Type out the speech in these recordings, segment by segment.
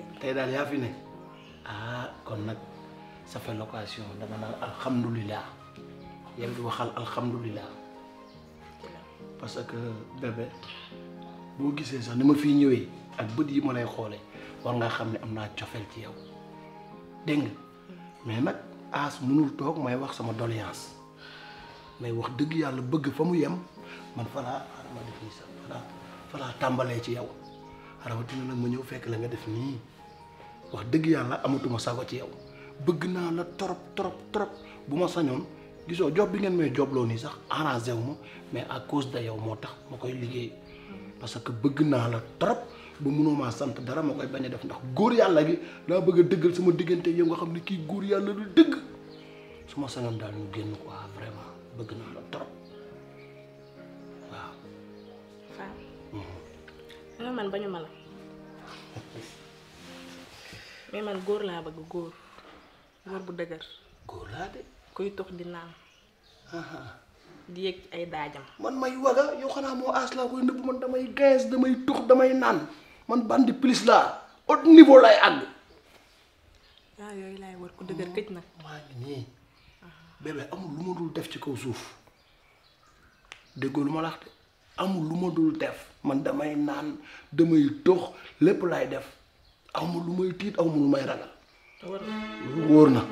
tey daal yaa fi ne ah kon nag sa fa location dama naan alhamdulilah yaa ngi waxal alhamdulilah parce que bébé boo gisee sax ni ma fii ñëwee ak bët yi ma lay war nga xam ne am ci yow mais mënul may wax sama doléance mais wax dëgg yàlla bëgg fa mu yem man falaa ma def nii sax falaa falaa tàmbalee ci yow rawatina nag ma ñëw fekk la nga def wax dëgg yàlla amatuma sago ci yow bëgg na la torop torop torop buma sañon sañoon gisoo job bi ngeen may jobloo ni sax arrangé wu mais à cause de yow motax makoy ma liggéey parce que bëgg na la torop bu mëno ma sant dara makoy bañ def ndax goor yalla gi laa bëgg deugal sama digënté yow nga xamni ki goor yalla lu deug suma sañon dal sañoon daal ñu génn quoi vraiment bëgg na la torop waaw. waaw. Mhm. man bañu ma mais man góor laa bëgg góor góor bu dëgër. góor laa de. kuy tox di naan. di yëg ay daajam. man may waga yow xanaa moo aas laa koy nëbb man damay gaz damay tox naan man bandi plus laa haut niveau lay ah, yooyu laay war ku dëgër këj nag. maa ma dul def ci kaw suuf déggoo lu ma dul def man damay naan damay tox lépp laay def. aw ma lu may tiit aw ma lu may ragal. wóor na.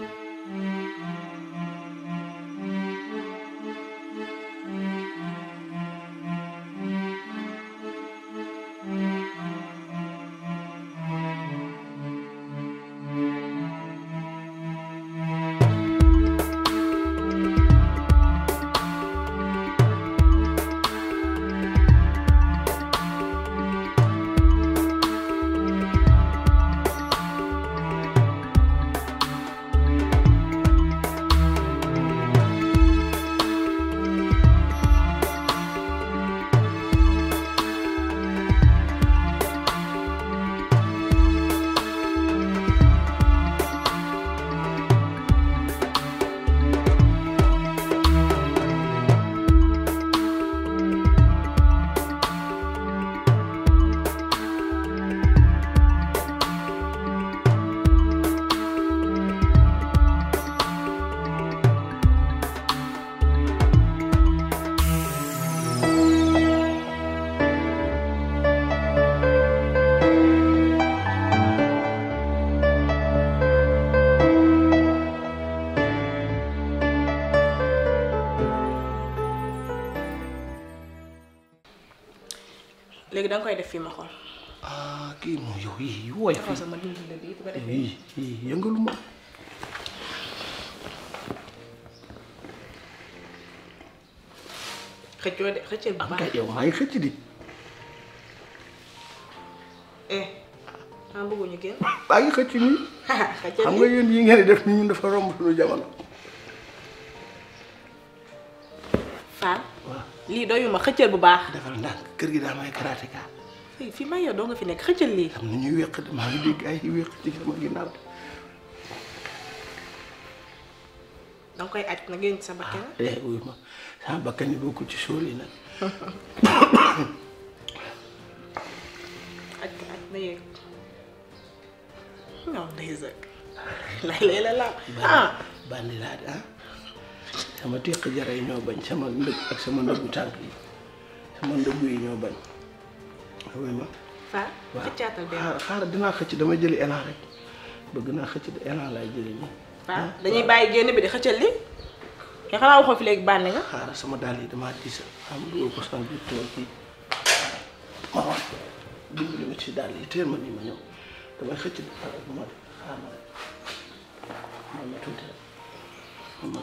lagi dong nga koy def aku. ma ah kii moom yow yii wooy. fii dafa soog dindi la bii kecil ko defee yii yii kecil ma. kecil de yow di. eh kamu gue génn. maa ngi xëcc yang xam nga yéen yi ngeen di def nii ñun dafa romb lii doyuma xëccal bu baax. defal ndànk kër gi daa may karatéka. fii may yow doo nga fi nekk xëccal lii. am na ñuy wéq maa ngi ay wéq ci sama koy aj na ngeen sa bakkan. Ah, eh wuyu ci suul yi nag. aj aj na yegg non day sëg. lay lay la la ah. bandi ah. sama tuh jara yi ñoo sama ndëg ak sama ndëgu tànk sama ndëgu yi ñoo bañ xamay ya, ma waaw xaar dina xëcc dama jëli élan rek bëgg naa xëcc di élan laay jëli nii pak dañuy bàyyi génn bi di xëccal li ya kalau waxoo fi léegi bànne nga sama dalih yi mati tiisal am dugal ko sama biir tool bi ma wax dimbali ma ci daal yi teel ma nii ma xaar ma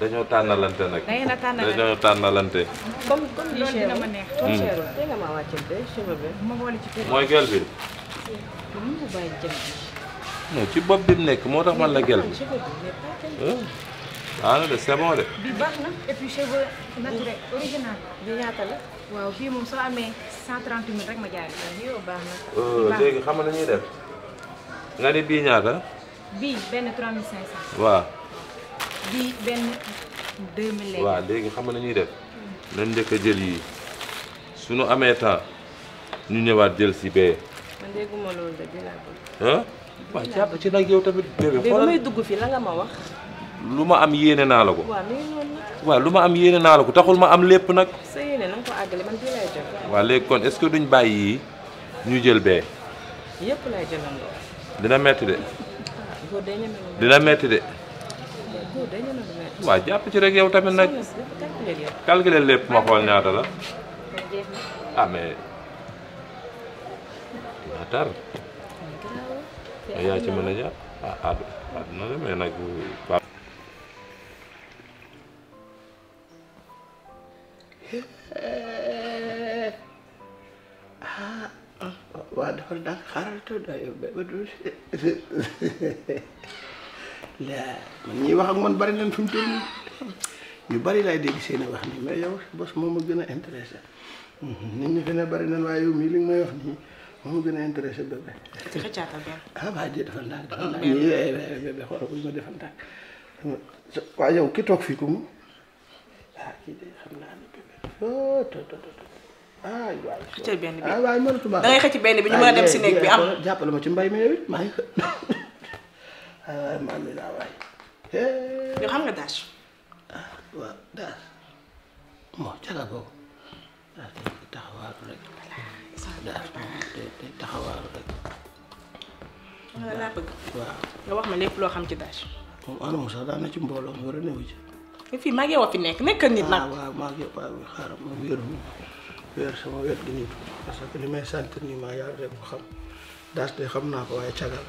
dañoo tànnalante nag. dañoo tànnalante. Hmm. ci mooy gel bi. ci bopp bi mu nekk moo tax man la gel bi. ah non de c'est de. na bii euh, baax na. léegi xam nga def. nga ni bii ñaata. bii di benn léegi xam nga nañuy def nañ njëkk a jël su nu amee temps ñu ñëwaat jël si bee. man dégguma ci nag yow tamit. bébé xoolal may dugg fi la nga ma wax. lu ma am yéene naa la ko. waa lu ma am yéene naa la ko taxul ma am lépp nag. sa léegi kon est duñ bàyyi ñu jël bee. dina metti de. Ah, dina metti de. wajah jàpp ci rek yow tamit nag calculer lépp ma xool ñaata la ah mais dina tar yaa ci mën a jàpp ah àdduna la laa man ñuy wax ak man bari nañ fi mu toll nii ñu bari laay dégg seen wax nii mais yow bos moom ma gën a intéressé mhm, nit ñi fi ne bari nañ waaye yow mii li nga may wax nii moom ma gën a intéressé bébé. ci xëccaatal bébé. ah waa jë defal ndànk defal bébé xoolal bu ma defal ndànk waaye yow ki toog fii ku ah kii de xam naa ne bébé oh to to to ah waaye. xëccal benn bi ah waaye mënatuma. da ngay xëcc benn bi ñu mën a dem si néeg bi am. jàppale ma ci mbay mi yow it ah man mi laa waay. yow xam nga daas. ah waaw daas moo jala boobu waaw nga wax ma lépp loo xam ci daas. moom anam sax daan ci mbooloo mi war a néew ci. fii maa ngi fi nekk nekkal nit nag. Ah, waaw maa ngi yow waaw xaaral ma wéeru wéer sama wet gi nit parce que li may sant nii maa yaa rek ko xam daas de xam naa ko waaye cagal.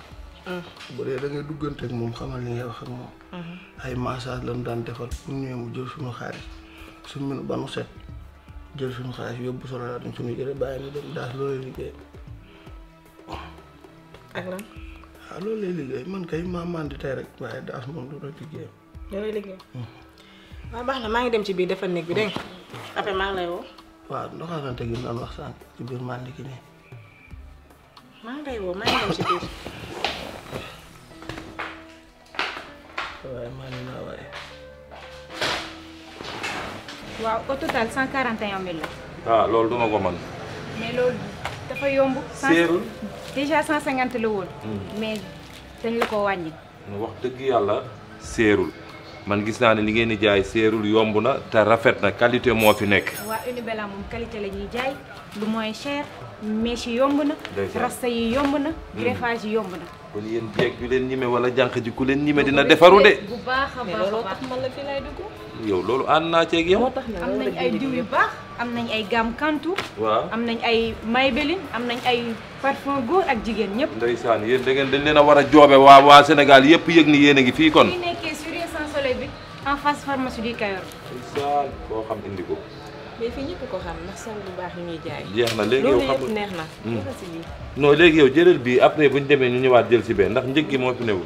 bu dee duggante ak moom xamal li ngay wax ak moom. Mm-hmm. ay massage lañ daan defal pour ñëwee mu jël suñu xaalis suñu mën ba nu set jël suñu xaalis yóbbu solo laa dañ suñu jëlee bàyyi ñu dem daal loolu lay liggéey. ak ah, loolu lay liggéey man waaye daas moom mm-hmm. ah, baax na maa ngi dem ci biir defal néeg bi dégg après maa ngi lay ci biir mandi ki ne. maa ngi dem ci biir. waaye maa ne naa waaye. waaw au total la. ah loolu duma ko mën. mais loolu dafa yomb. seerul déjà la woon. Hmm. mais dañ la ko wàññi. wax dëgg yàlla seerul man gis naa ne li ngeen di jaay seerul yomb na te rafet na qualité moo fi nekk. waa Unibella moom qualité la jaay lu mooy cher mèche yomb na. rasta yi yomb na hmm. greffage yi yomb na. kon yéen jeeg ju leen ñime wala jànq ji ku leen ñime dina defaru de. bu baax a baax looloo yow loolu ànd naa ceeg yow. am nañ ay diw yu baax am nañ ay gamme Kantu. waaw am nañ ay Maybelline am nañ ay parfum góor ak jigéen ñëpp. ndeysaan yéen da ngeen dañ leen a war a joobe waa waa Sénégal yëpp yëg ni yéen a ngi fii kon. fii nekkee sur sans soleil bi en face pharmacie du Kayor. ndeysaan koo xam indi ko. mais fii ñëpp ko xam ndax sànq bu baax yi ñuy léegi yow xam hmm. bii après bu ñu demee ñu ñëwaat jël si benn ndax njëg gi moo fi newul.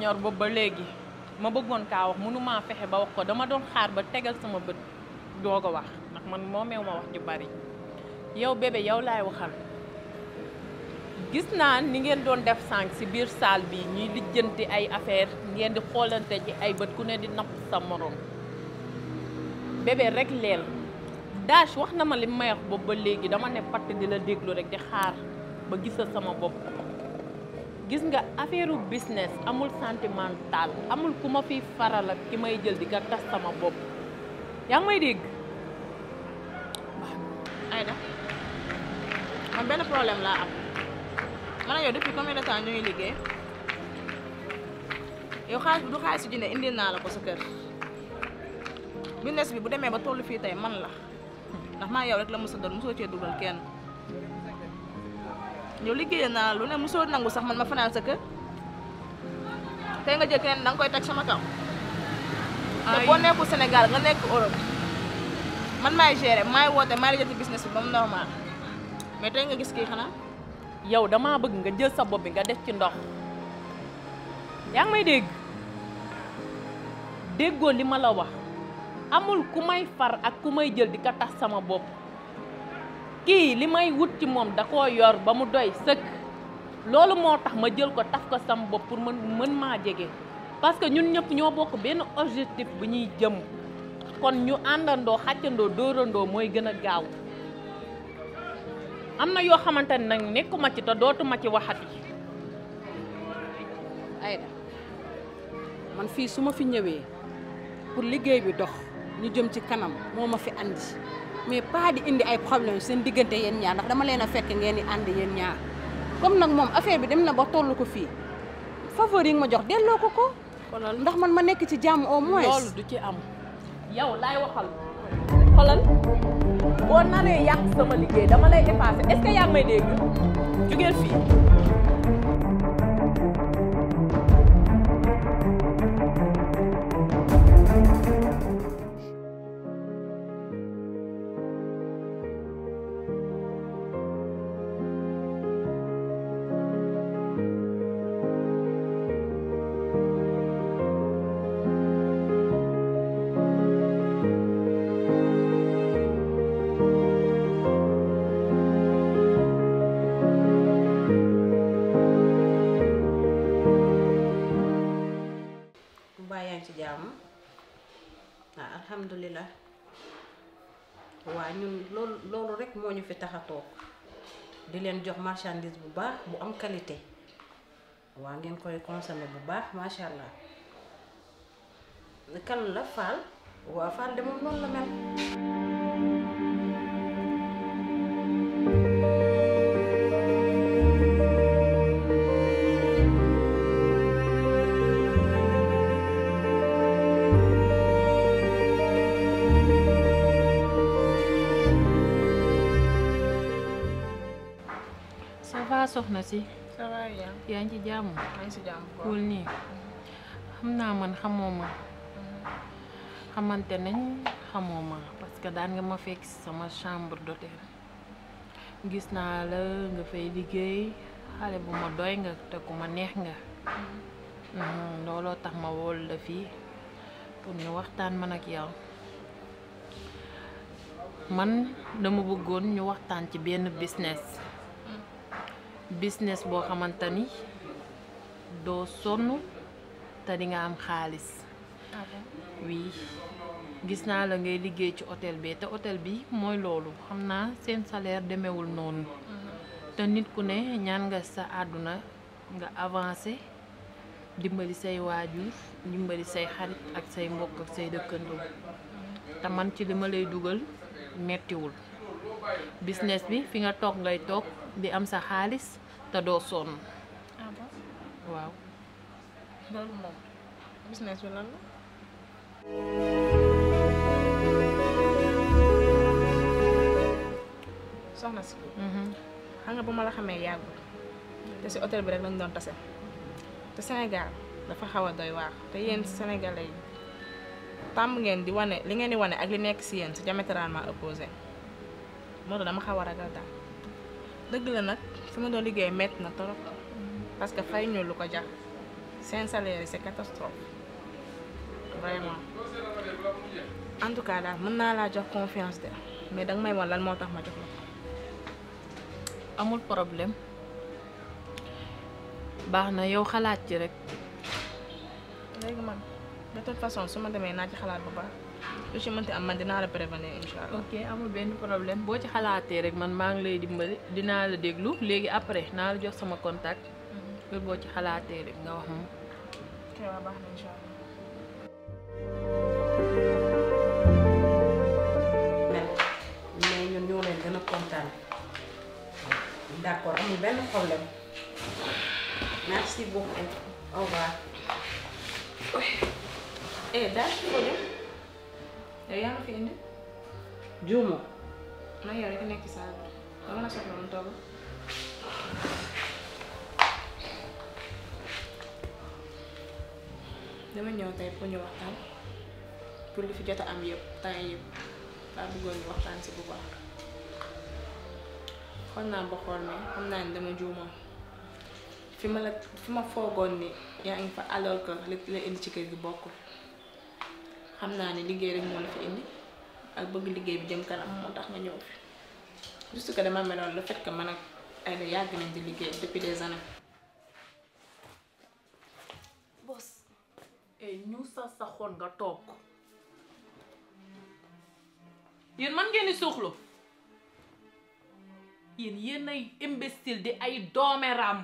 ñor boobu ba léegi ma bëggoon kaa wax mënumaa fexe ba wax ko dama doon xaar ba tegal sama bët doo ko wax ndax man moomeew ma wax ju bari yow bébé yow laay waxal gis naa ni ngeen doon def sànq ci biir saal bi ñuy lijjanti ay affaire ngeen di xoolante ci ay bët ku ne di napp sa moroom bebe rek leel dash wax na ma li may wax boobu ba léegi dama ne patt di la déglu rek di xaar ba gisal sama bopp gis nga affaire business amul sentimental amul ku ma fiy faral ki may jël di ka tas sama bopp yaa ngi may dégg. Aïda man benn problème laa am man ak yow depuis combien de temps ñu ngi liggéey yow xaalis du xaalis ju ne indil naa la ko sa kër business bi bu demee ba tollu fii tey man la ndax maa yow rek la mos a doon mosoo cee dugal kenn. ñu liggéey naa lu ne musoo nangu sax man ma sa kër sama kaw te boo nekkul Sénégal nga nekk Europe man maay maay woote normal mais tey nga gis kii xanaa yow damaa bëgg nga jël sa bopp bi nga def ci ndox yaa ngi amul ku far ak ku may jël di ka tax sama bopp kii li may wut ci moom da koo yor ba mu doy sëkk loolu moo tax ma jël ko taf ko sam pour mën mën maa jege parce que ñun ñëpp ñoo bokk benn objectif bu ñuy jëm kon ñu àndandoo xàccandoo dóorandoo mooy gën a gaaw am na yoo xamante ne nag nekkuma ci te dootuma ci waxati Aïda man fii su ma fi ñëwee pour liggéey bi dox ñu jëm ci kanam moo ma fi andi mais pas di indi ay problème seen diggante yéen ñaar ndax dama leen a fekk ngeen di ànd yéen ñaar comme nag moom affaire bi dem na ba toll ko fii faveur yi ma jox delloo ko ko. ndax man ma nekk ci jàmm au moins. loolu du ci am. yow lay waxal xoolal boo naree yàq sama liggéey dama lay effacé est-ce que yaa may dégg jugeel fii. rek moo ñu fi tax a toog di leen jox marchandise bu baax bu am qualité waa ngeen koy consommer bu baax macha allah kan la Fall waa Fall de moom noonu la mel. soxna ci ya ngi ci ay ci jàmm quoi ni xamna man xamoma xamanté hmm. nañ xamoma parce que daan nga ma fekk sama chambre d'hôtel gis na la nga fay liggéey xalé bu ma doy nga te ku ma neex nga lolo hmm. hmm, tax ma wol la fi pour ñu waxtaan man ak yow man dama bëggoon ñu waxtaan ci benn business business boo xamante ni doo sonn te dinga am xaalis wii ah gis naa la ngay liggéey ci hôtel bi te hôtel bi mooy loolu xam naa seen saleer demewul noonu mm-hmm. te nit ku ne ñaan nga sa àdduna nga avancé dimbali say waajur dimbali say xarit ak say mbokk say dëkkandoo mm-hmm. te man ci li lay dugal mettiwul business bi fi nga tok ngay tok di am sa xaalis te doo sonn ah waaw loolu moom business wala la soxna ci hmm nga ba ma la xamee yàggul te ci hotel bi rek lañ doon tassé te Sénégal dafa xaw a doy wax te yeen mhm. sénégalais tam ngeen di wone li ngeen di wone ak li nekk ci yeen ci diamétralement opposé moo tax dama xaw a ragal dëgg la nag su ma doon liggéey métti na torop parce que fay ñu lu ko jax seen salaire yi c'est catastrophe vraiment en tout cas daal mën naa laa jox confiance de mais danga may woon lan moo tax ma jox la ko amul problème baax na yow xalaat ci rek léegi man de toute façon su ma demee naa ci xalaat bu baax lu ci mënti am man dinaa la prévenir incha allah. ok amul benn problème boo ci xalaatee rek man maa ngi lay dimbali dinaa la déglu léegi après naa la jox sama contact. pour mhm. boo ci xalaatee rek nga wax moom. ok waaw baax ñoo leen gën a kontaan d'accord amul benn problème merci beaucoup au revoir. eh daal su ko def. yow yaa ngi fi indi. juumu. man yow rek nekk ci saa bi dama la soxla togg. dama ñëw tey pour ñu waxtaan pour li fi jot a am yëpp temps yëpp laa bëggoon ñu waxtaan si bu baax xool naa ba xool mais xam naa ni dama juumoon fi ma la fi ma foogoon ni yaa ngi fa alors que la indi ci kër gi bokkul. xam naa ne liggéey rek moo la fi indi ak bëgg liggéey bi jëm kanam moo tax nga ñëw fi juste dama meloon le fait man ak Aida yàgg nañ di liggéey depuis des années. bos eh, ñu sa saxoon nga toog yéen man ngeen di suuxlu yéen yéen ay imbécile di ay doomeram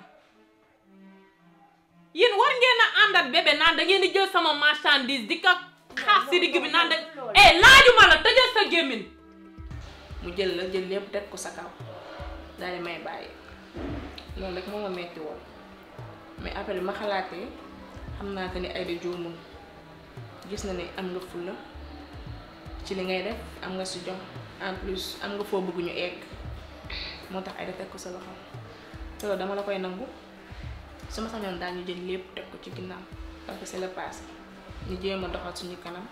yéen war ngeen a àndat bébé naan da ngeen jël sama marchandise di ka xaaf si digg bi naan de eh laajuma la tëjal sa gémmiñ mu jël la jël lépp teg ko sa kaw daal di may bàyyi loolu rek moo ma metti woon mais après ma xalaatee xam naa que ni ay di gis na ni am nga fulla ci li ngay def am nga si jom en plus am nga foo bëgg ñu egg moo tax ay teg ko sa loxo te loolu dama la koy nangu su ma sañoon daal ñu jël lépp teg ko ci ginnaaw parce que c'est le passé ni jéem a doxal suñu kanam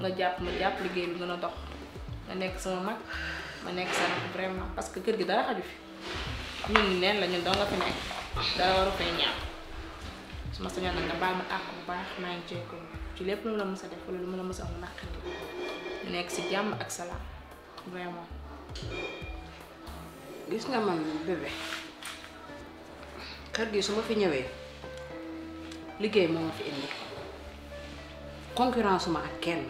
nga japp ma japp liggéey bi gën dox nga nekk sama mag ma nekk sa rak vraiment parce que kër gi dara xaju fi ñun neen la ñun doo nga fi nekk dara waru fay ñaan suma sa ñaan nga baal ma ak bu baax ma ngi ko ci lepp lu la mësa def lu ma la mës a xel naqari ñu nekk si jàmm ak salam vraiment gis nga man bébé kër kan gi suma fi ñëwé ya, liggéey mo fi indi concurrence ma ak kenn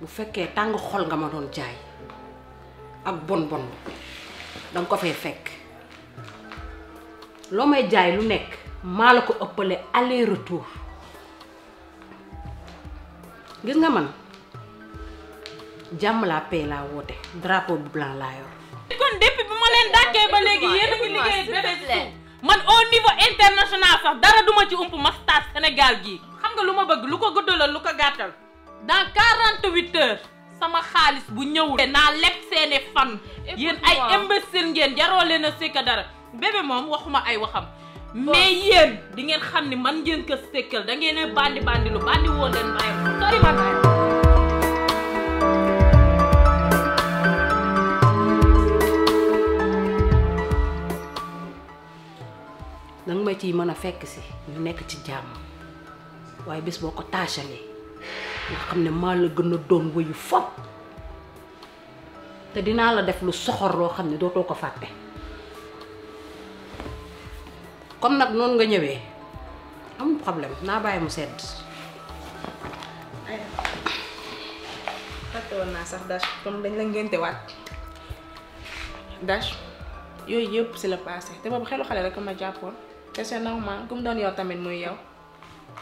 bu fekkee tàng xol nga ma doon jaay ak bon bon danga ko fay fekk loo may jaay lu nekk maa la ko ëppale aller retour gis nga man jàmm laa pay laa woote drapeau bu blanc laa yor. kon depuis bu ma leen dàkkee ba léegi yéen a liggéey man au niveau international sax dara duma ci ump ma stade Sénégal gii. lu ma bëgg lu ko guddalal lu ko gàttal dans quarante huit heures sama xaalis bu ñëwul naa leb seeni fan yéen ay imbécile ngeen jaroo leen a sékka dara bébé moom waxuma ay waxam mais yéen di ngeen xam ni man ngeen ko sékkal da ngeen bandi bandi lu bandi woo leen bàyyi sori man ma ciy mën a fekk si ñu nekk ci jàmm waaye bés boo ko taasalee nga xam ne maa la gën a doon wéyu fopp te dinaa la def lu soxor loo xam ne dootoo ko fàtte kon nag noonu nga ñëwee amul problème naa bàyyi mu sedd fàtte woon naa sax Dash comme dañ la ngénte waat Dash yooyu yëpp si la passé te boobu xelu xale rek ma jàppoon te c'est normal comme doon yow tamit muy yow